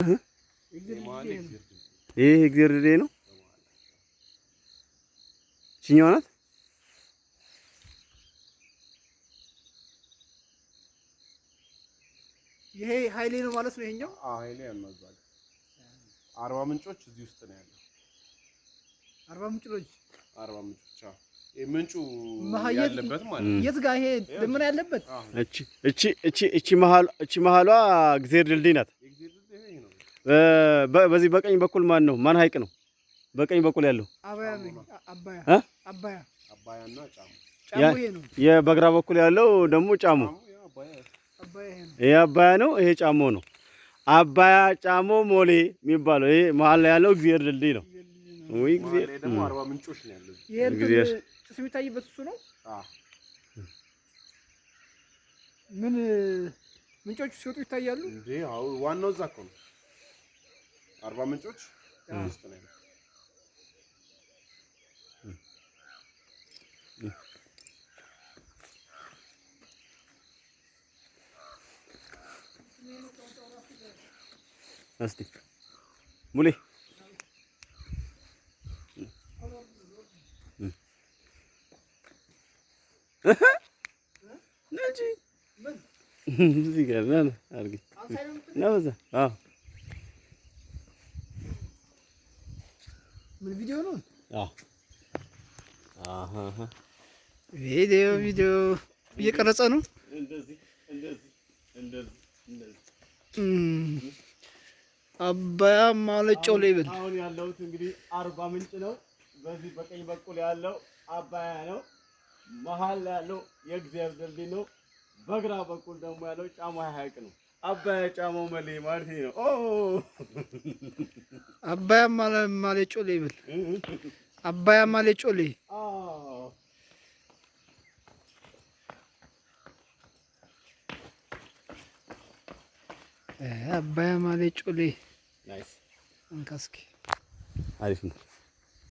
ይህ እግዜር ድዴ ነው። ይችኛዋ ናት። ይሄ ኃይሌ ነው ማለት ነው። ይሄኛው ኃይሌ ያመዛል። አርባ ምንጮች እዚህ ውስጥ ነው ያለው። አርባ ምንጮች አርባ ምንጮች ምንጩ ያለበት ማለት ነው። የት ጋር ይሄ ደመና ያለበት? እቺ እቺ እቺ መሀሏ እግዜር ድልድይ ናት። በዚህ በቀኝ በኩል ማን ነው? ማን ሀይቅ ነው? በቀኝ በኩል ያለው በግራ በኩል ያለው ደግሞ ጫሞ ይሄ አባያ ነው። ይሄ ጫሞ ነው። አባያ ጫሞ ሞሌ የሚባለው ይሄ መሀል ላይ ያለው እግዚአብሔር ድልድይ ነው። ወይ ደግሞ አርባ ምንጮች ነው ያለው። ጭስ የሚታይበት እሱ ነው። ምን ምንጮቹ ሲወጡ ይታያሉ እንዴ? ዋናው እዛ እኮ ነው። አርባ ምንጮች ውስጥ ነው ያለው። እስቲ ሙሌ እዚህ ጋር ነን አድርጊ ነው እዛ አዎ ምን ቪዲዮ ነው? ቪዲዮ ቪዲዮ እየቀረጸ ነው። አባያ ማለጮ ላይ ይበል። አሁን ያለሁት እንግዲህ አርባ ምንጭ ነው። በዚህ በቀኝ በኩል ያለው አባያ ነው። መሀል ያለው የእግዚአብሔር ድልድይ ነው። በግራ በኩል ደግሞ ያለው ጫማ ሀይቅ ነው። አባያ ጫሞ መሌ ማለት ነው። ኦ አባያ ማሌ ጮሌ ይብል አባያ ማሌ ጮሌ አባያ ማሌ ጮሌ ናይስ እንካስኪ አሪፍ ነው።